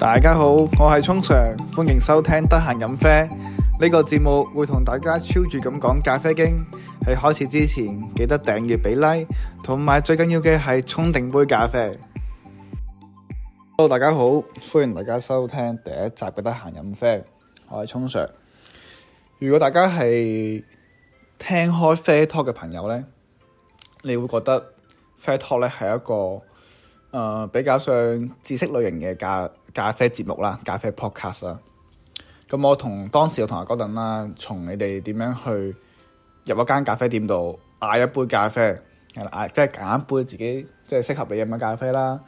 大家好，我係聰 sir，歡迎收聽得閒飲啡呢、這個節目，會同大家超住咁講咖啡經。喺開始之前，記得訂閱俾啦，同埋、like，最緊要嘅係沖定杯咖啡。Hello，大家好，歡迎大家收聽第一集嘅得閒飲啡。我係聰 sir。如果大家係聽開啡 talk 嘅朋友呢，你會覺得啡 talk 咧係一個誒、呃、比較上知識類型嘅咖。咖啡節目啦，咖啡 podcast 啦，咁我同當時嘅同學嗰陣啦，從你哋點樣去入一間咖啡店度嗌一杯咖啡，係啦，嗌即係揀一杯自己即係適合你飲嘅咖啡啦。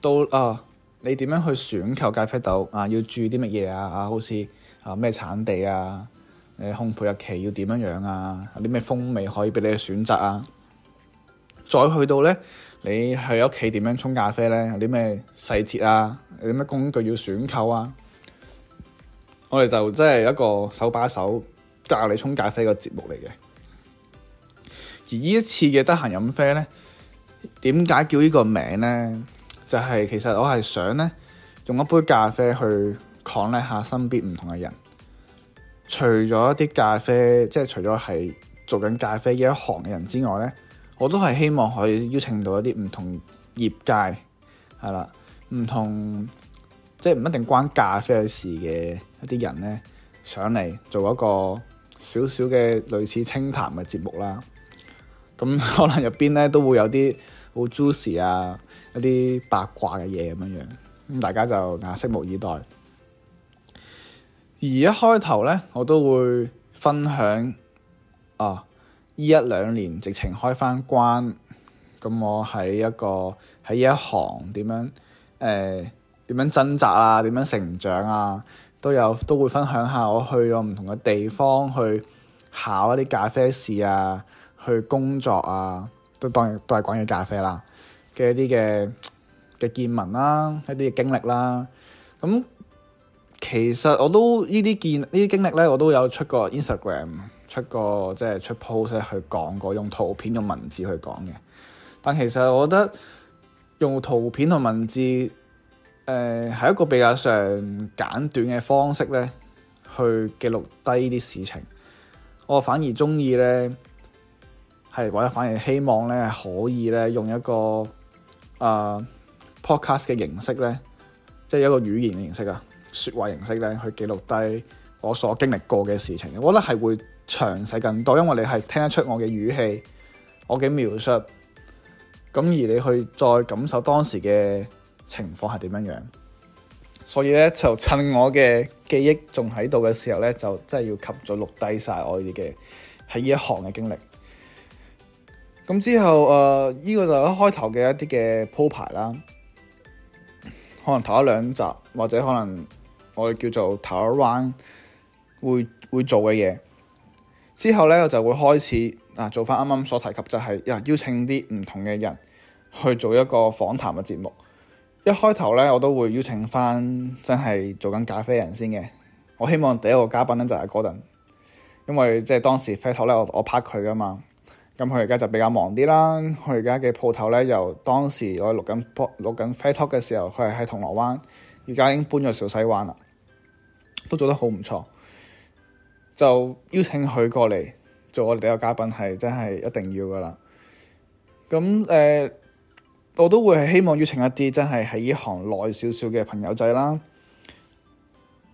到啊，你點樣去選購咖啡豆啊？要注意啲乜嘢啊？啊，好似啊咩產地啊，誒烘焙日期要點樣樣啊？有啲、啊、咩風味可以俾你去選擇啊？再去到咧。你去屋企點樣沖咖啡咧？有啲咩細節啊？有啲咩工具要選購啊？我哋就即係一個手把手教你沖咖啡嘅節目嚟嘅。而呢一次嘅得閒飲啡咧，點解叫呢個名咧？就係其實我係想咧，用一杯咖啡去 connect 下身邊唔同嘅人。除咗啲咖啡，即係除咗係做緊咖啡嘅一行嘅人之外咧。我都係希望可以邀請到一啲唔同業界，係啦，唔同，即係唔一定關咖啡事嘅一啲人咧，上嚟做一個少少嘅類似清談嘅節目啦。咁可能入邊咧都會有啲好 juicy 啊一啲八卦嘅嘢，咁樣樣，咁大家就啊拭目以待。而一開頭咧，我都會分享啊。呢一兩年直情開翻關，咁我喺一個喺呢一行點樣誒、呃、點樣掙扎啊，點樣成長啊，都有都會分享下我去過唔同嘅地方去考一啲咖啡試啊，去工作啊，都當然都係關於咖啡啦嘅一啲嘅嘅見聞啦、啊，一啲嘅經歷啦、啊，咁。其實我都呢啲見呢啲經歷咧，我都有出過 Instagram 出過即係出 post 去講過，用圖片用文字去講嘅。但其實我覺得用圖片同文字，誒、呃、係一個比較上簡短嘅方式咧，去記錄低啲事情。我反而中意咧，係或者反而希望咧，可以咧用一個啊、呃、podcast 嘅形式咧，即係一個語言嘅形式啊。説話形式咧去記錄低我所經歷過嘅事情，我覺得係會詳細更多，因為你係聽得出我嘅語氣，我嘅描述，咁而你去再感受當時嘅情況係點樣樣，所以咧就趁我嘅記憶仲喺度嘅時候咧，就真係要及早錄低晒我哋嘅喺呢一行嘅經歷。咁之後誒，呢、呃呢個就係一開頭嘅一啲嘅鋪排啦，可能頭一兩集或者可能。我哋叫做台灣會會做嘅嘢，之後咧我就會開始啊做翻啱啱所提及，就係啊邀請啲唔同嘅人去做一個訪談嘅節目。一開頭咧我都會邀請翻真係做緊咖啡人先嘅。我希望第一個嘉賓咧就係嗰陣，因為即係當時 Fat Talk 咧我我拍佢噶嘛，咁佢而家就比較忙啲啦。佢而家嘅鋪頭咧由當時我錄緊錄緊 Fat Talk 嘅時候，佢係喺銅鑼灣，而家已經搬咗小西灣啦。都做得好唔錯，就邀請佢過嚟做我哋第一個嘉賓，係真係一定要噶啦。咁誒、呃，我都會係希望邀請一啲真係喺呢行耐少少嘅朋友仔啦，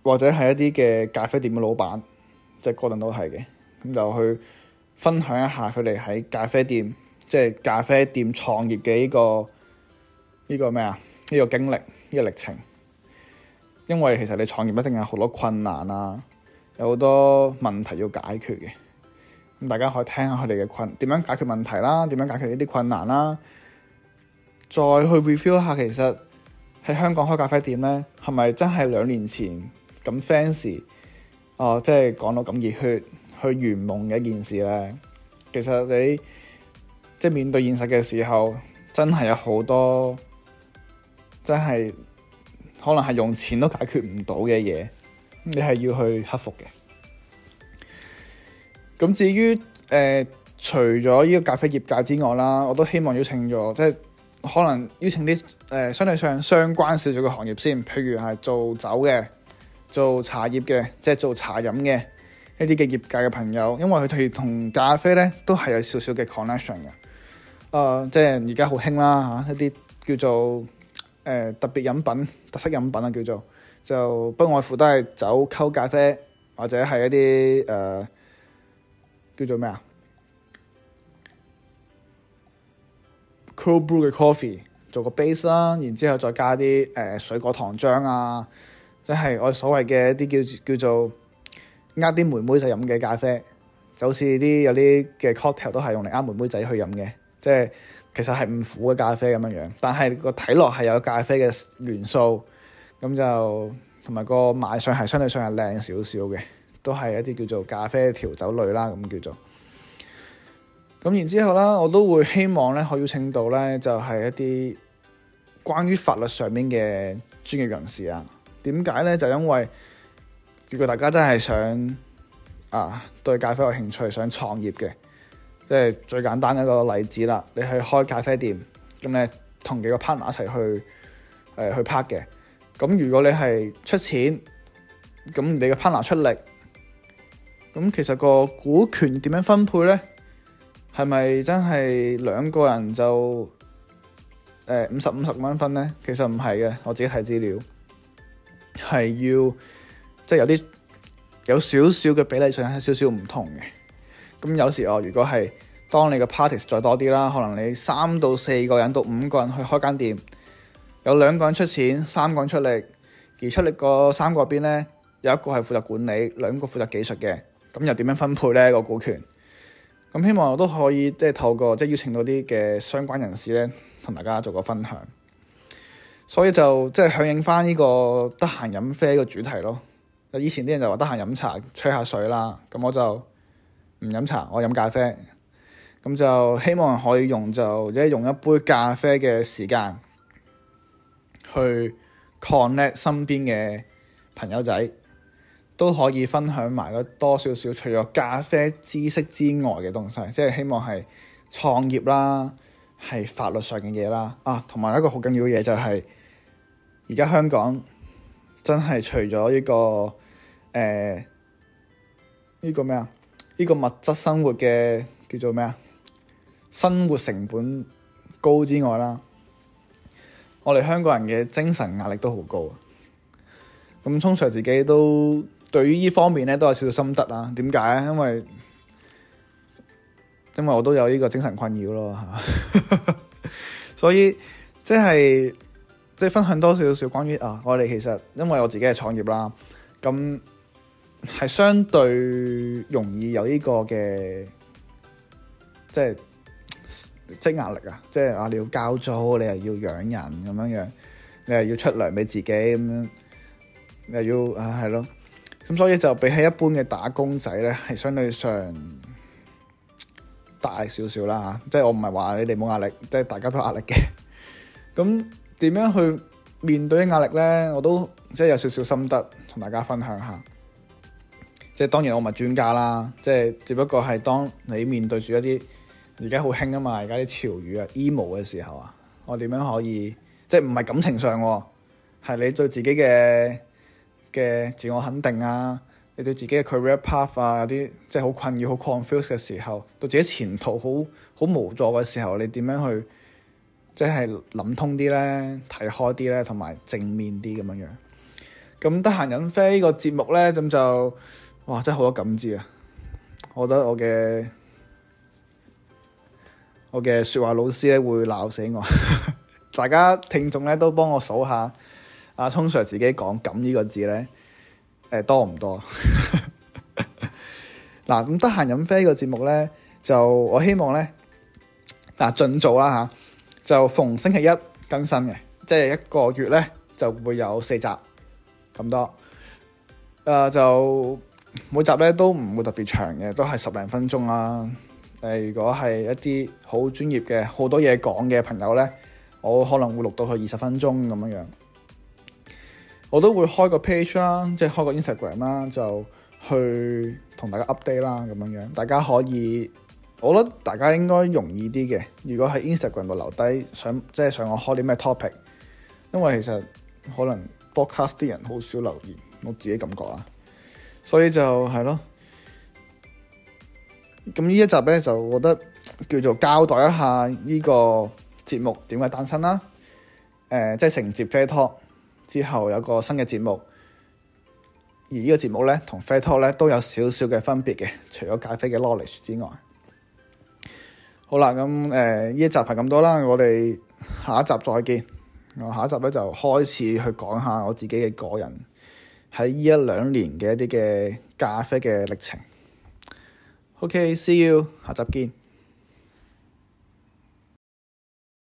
或者係一啲嘅咖啡店嘅老闆，即係嗰陣都係嘅，咁就去分享一下佢哋喺咖啡店，即係咖啡店創業嘅呢個，呢個咩啊？呢個經歷，呢個歷程。因為其實你創業一定有好多困難啊，有好多問題要解決嘅。大家可以聽下佢哋嘅困，點樣解決問題啦、啊，點樣解決呢啲困難啦、啊。再去 review 下，其實喺香港開咖啡店咧，係咪真係兩年前咁 fancy 哦，即係講到咁熱血去圓夢嘅一件事咧。其實你即係、就是、面對現實嘅時候，真係有好多真係。可能係用錢都解決唔到嘅嘢，你係要去克服嘅。咁至於誒、呃，除咗呢個咖啡業界之外啦，我都希望邀請咗，即係可能邀請啲誒、呃、相對上相關少少嘅行業先，譬如係做酒嘅、做茶葉嘅、即係做茶飲嘅一啲嘅業界嘅朋友，因為佢哋同咖啡咧都係有少少嘅 connection 嘅。誒、呃，即係而家好興啦嚇，一啲叫做～誒、呃、特別飲品，特色飲品啊，叫做就不外乎都係酒溝咖啡，或者係一啲誒、呃、叫做咩啊 cold brew 嘅 coffee 做個 base 啦，然之後再加啲誒、呃、水果糖漿啊，即係我所謂嘅一啲叫叫做呃啲妹妹仔飲嘅咖啡，就好似啲有啲嘅 cocktail 都係用嚟呃妹妹仔去飲嘅。即係其實係唔苦嘅咖啡咁樣樣，但係個睇落，係有咖啡嘅元素，咁就同埋個賣相係相對上係靚少少嘅，都係一啲叫做咖啡調酒類啦，咁叫做。咁然之後啦，我都會希望咧，可以邀請到咧，就係一啲關於法律上面嘅專業人士啊。點解咧？就因為如果大家真係想啊對咖啡有興趣，想創業嘅。即係最簡單的一個例子啦，你去開咖啡店，咁你同幾個 partner 一齊去誒、呃、去拍嘅，咁如果你係出錢，咁你嘅 partner 出力，咁其實個股權點樣分配咧？係咪真係兩個人就誒五十五十蚊分咧？其實唔係嘅，我自己睇資料係要即係、即係、有啲有少少嘅比例上係少少唔同嘅。咁有時候如果係當你個 parties 再多啲啦，可能你三到四個人到五個人去開間店，有兩個人出錢，三個人出力，而出力個三個入邊咧有一個係負責管理，兩個負責技術嘅，咁又點樣分配咧、那個股權？咁希望我都可以即係透過即係邀請到啲嘅相關人士咧，同大家做個分享。所以就即係、就是、響應翻、這、呢個得閒飲啡個主題咯。以前啲人就話得閒飲茶吹下水啦，咁我就。唔飲茶，我飲咖啡。咁就希望可以用就即係用一杯咖啡嘅時間，去 connect 身邊嘅朋友仔，都可以分享埋多少少除咗咖啡知識之外嘅東西，即係希望係創業啦，係法律上嘅嘢啦，啊，同埋一個好緊要嘅嘢就係而家香港真係除咗呢個誒呢個咩啊？呢個物質生活嘅叫做咩啊？生活成本高之外啦，我哋香港人嘅精神壓力都好高啊！咁通常自己都對於呢方面咧都有少少心得啊。點解咧？因為因為我都有呢個精神困擾咯。 所以即係即係分享多少少關於啊，我哋其實因為我自己係創業啦，咁。係相對容易有呢個嘅，即係即係壓力啊！即係啊，你要交租，你又要養人咁樣樣，你又要出糧俾自己咁樣，你又要啊，係咯咁，所以就比起一般嘅打工仔咧，係相對上大少少啦。即係我唔係話你哋冇壓力，即係大家都有壓力嘅。咁點樣去面對壓力咧？我都即係有少少心得同大家分享一下。即係當然我是專，我唔係專家啦。即係只不過係當你面對住一啲而家好興啊嘛，而家啲潮語啊、emo 嘅時候啊，我點樣可以即係唔係感情上喎？係你對自己嘅嘅自我肯定啊，你對自己嘅 career path 啊，啲即係好困擾、好 confuse 嘅時候，對自己前途好好無助嘅時候，你怎麼去即是點樣去即係諗通啲咧？睇開啲咧，同埋正面啲咁樣樣。咁得閒飲啡、這個節目咧，咁就～哇！真係好多咁字啊！我覺得我嘅我嘅說話老師咧會鬧死我。 大家聽眾咧都幫我數下，阿、啊、聰 Sir 自己講咁呢個字咧、呃，多唔多？嗱咁得閒飲啡個節目咧，就我希望咧嗱盡早啦嚇、啊，就逢星期一更新嘅，即、就、係、是、一個月咧就會有四集咁多、啊。就～每集咧都唔會特別長嘅，都係十零分鐘啦。誒、呃，如果係一啲好專業嘅，好多嘢講嘅朋友咧，我可能會錄到佢二十分鐘咁樣樣。我都會開個 page 啦，即係開個 Instagram 啦，就去同大家 update 啦咁樣樣。大家可以，我覺得大家應該容易啲嘅。如果喺 Instagram 度留低，想即係想我開啲咩 topic，因為其實可能 broadcast 啲人好少留言，我自己感覺啦。所以就係咯，咁呢一集咧就覺得叫做交代一下呢個節目點解誕生啦，誒、呃，即係承接 fair talk 之後有個新嘅節目，而個節目呢個節目咧同 fair talk 咧都有少少嘅分別嘅，除咗咖啡嘅 knowledge 之外，好啦，咁誒呢一集係咁多啦，我哋下一集再見，我下一集咧就開始去講下我自己嘅個人喺呢一兩年嘅一啲嘅咖啡嘅歷程。OK，see you，下集見。